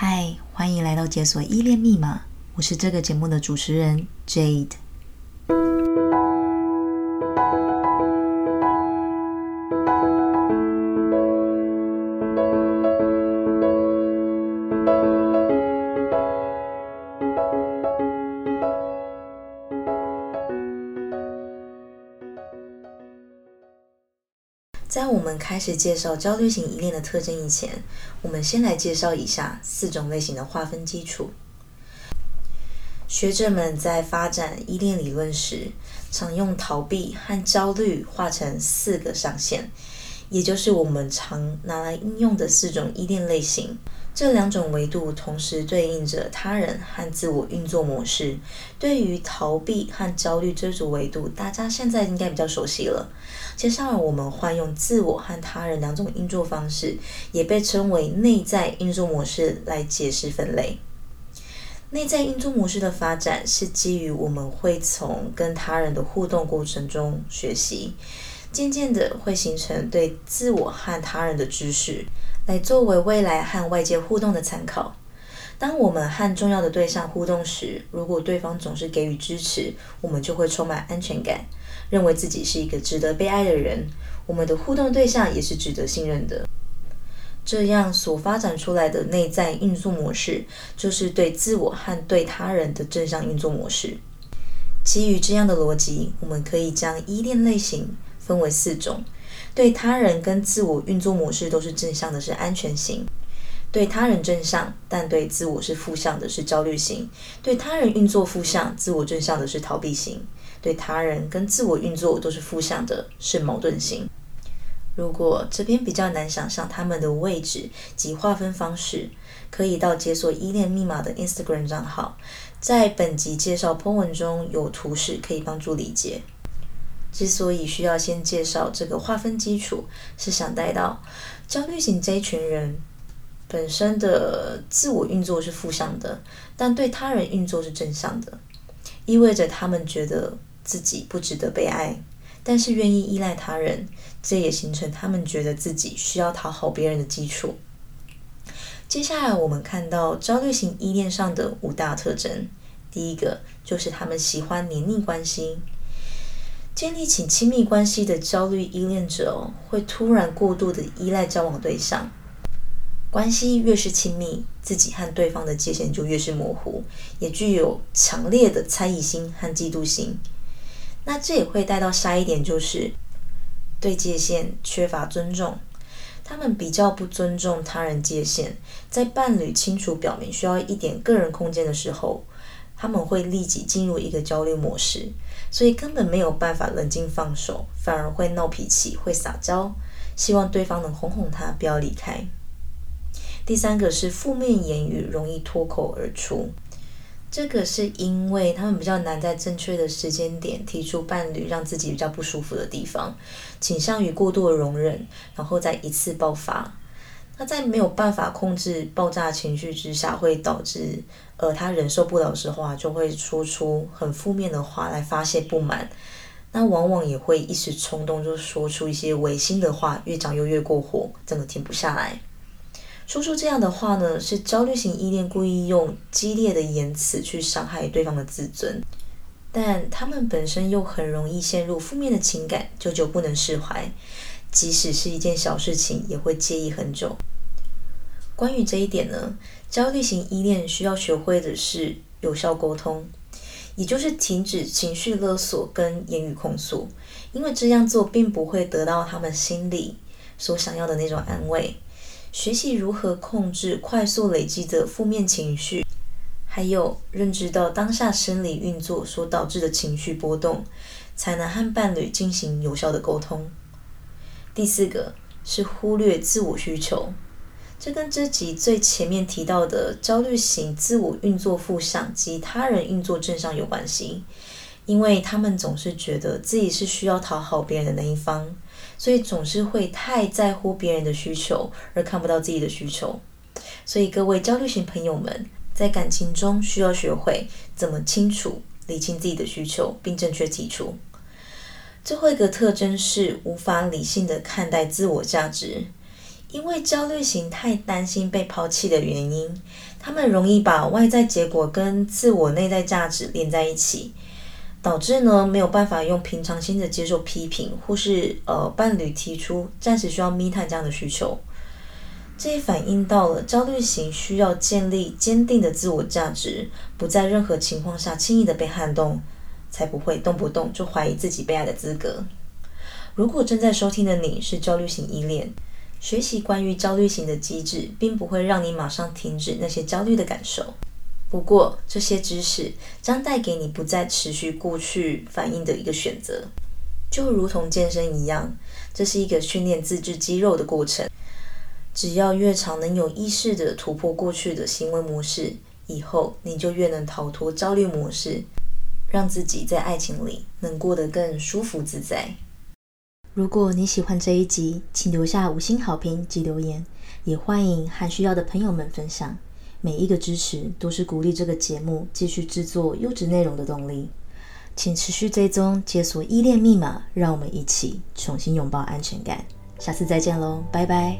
嗨，歡迎來到《解鎖依戀密碼》，我是這個節目的主持人 Jade。在我們開始介紹焦慮型依戀的特徵以前，我們先來介紹一下四種類型的劃分基礎。學者們在發展依戀理論時，常用逃避和焦慮劃成四個象限，也就是我們常拿來應用的四種依戀類型。這兩種維度同時對應着他人和自我運作模式。對於逃避和焦慮這種維度，大家現在應該比較熟悉了。接下來，我們換用自我和他人兩種運作方式，也被稱為內在運作模式來解釋分類。內在運作模式的發展是基於我們會從跟他人的互動過程中學習，漸漸的會形成對自我和他人的知識，來作為未來和外界互動的參考。當我們和重要的對象互動時，如果對方總是給予支持，我們就會充滿安全感，認為自己是一個值得被愛的人。我們的互動對象也是值得信任的。這樣所發展出來的內在運作模式，就是對自我和對他人的正向運作模式。基於這樣的邏輯，我們可以將依戀類型分為四種。對他人跟自我運作模式都是正向的，是安全型；對他人正向，但對自我是負向的，是焦慮型；對他人運作負向，自我正向的是逃避型；對他人跟自我運作都是負向的，是矛盾型。如果這邊比較難想象他們的位置及劃分方式，可以到解鎖依戀密碼的 Instagram 賬號，在本集介紹 Po 文中有圖示可以幫助理解。之所以需要先介紹這個劃分基礎，是想帶到焦慮型這一群人本身的自我運作是負向的，但對他人運作是正向的，意味着他們覺得自己不值得被愛，但是願意依賴他人，這也形成他們覺得自己需要討好別人的基礎。接下來我們看到焦慮型依戀上的五大特徵，第一個就是他們喜歡黏膩關係。建立起親密關係的焦慮依戀者會突然過度的依賴交往對象，關係越是親密，自己和對方的界限就越是模糊，也具有強烈的猜疑心和嫉妒心。那這也會帶到下一點，就是對界限缺乏尊重。他們比較不尊重他人界限，在伴侶清楚表明需要一點個人空間的時候，他們會立即進入一個焦慮模式，所以根本沒有辦法冷靜放手，反而會鬧脾氣、會撒嬌，希望對方能哄哄他，不要離開。第三個是負面言語容易脫口而出，這個是因為他們比較難在正確的時間點提出伴侶讓自己比較不舒服的地方，傾向於過度的容忍，然後再一次爆發。那在沒有辦法控制爆炸情緒之下，會導致，呃，他忍受不了的時候啊，就會說出，出很負面的話來發洩不滿。那往往也會一時衝動就說出一些違心的話，越講又越過火，真的停不下來。說出這樣的話呢，是焦慮型依戀故意用激烈的言辭去傷害對方的自尊，但他們本身又很容易陷入負面的情感，久久不能釋懷。即使是一件小事情，也會介意很久。關於這一點呢，焦慮型依戀需要學會的是有效溝通，也就是停止情緒勒索跟言語控訴，因為這樣做並不會得到他們心裡所想要的那種安慰。學習如何控制快速累積的負面情緒，還有認知到當下生理運作所導致的情緒波動，才能和伴侶進行有效的溝通。第四個是忽略自我需求，這跟這集最前面提到的焦慮型自我運作負向及他人運作正向有關係，因為他們總是覺得自己是需要討好別人的那一方，所以總是會太在乎別人的需求，而看不到自己的需求。所以各位焦慮型朋友們，在感情中需要學會怎麼清楚釐清自己的需求，並正確提出。最後一個特徵是無法理性的看待自我價值，因為焦慮型太擔心被拋棄的原因，他們容易把外在結果跟自我內在價值連在一起，導致呢沒有辦法用平常心的接受批評，或是呃伴侶提出暫時需要密探這樣的需求。這也反映到了焦慮型需要建立堅定的自我價值，不在任何情況下輕易的被撼動。才不會動不動就懷疑自己被愛的資格。如果正在收聽的你是焦慮型依戀，學習關於焦慮型的機制，並不會讓你馬上停止那些焦慮的感受。不過，這些知識將帶給你不再持續過去反應的一個選擇。就如同健身一樣，這是一個訓練自制肌肉的過程。只要越常能有意識地突破過去的行為模式，以後你就越能逃脫焦慮模式。讓自己在愛情裡能過得更舒服自在。如果你喜歡這一集，請留下五星好評及留言，也歡迎和需要的朋友們分享。每一個支持都是鼓勵這個節目繼續製作優質內容的動力。請持續追蹤，解鎖依戀密碼，讓我們一起重新擁抱安全感。下次再見嘍，拜拜。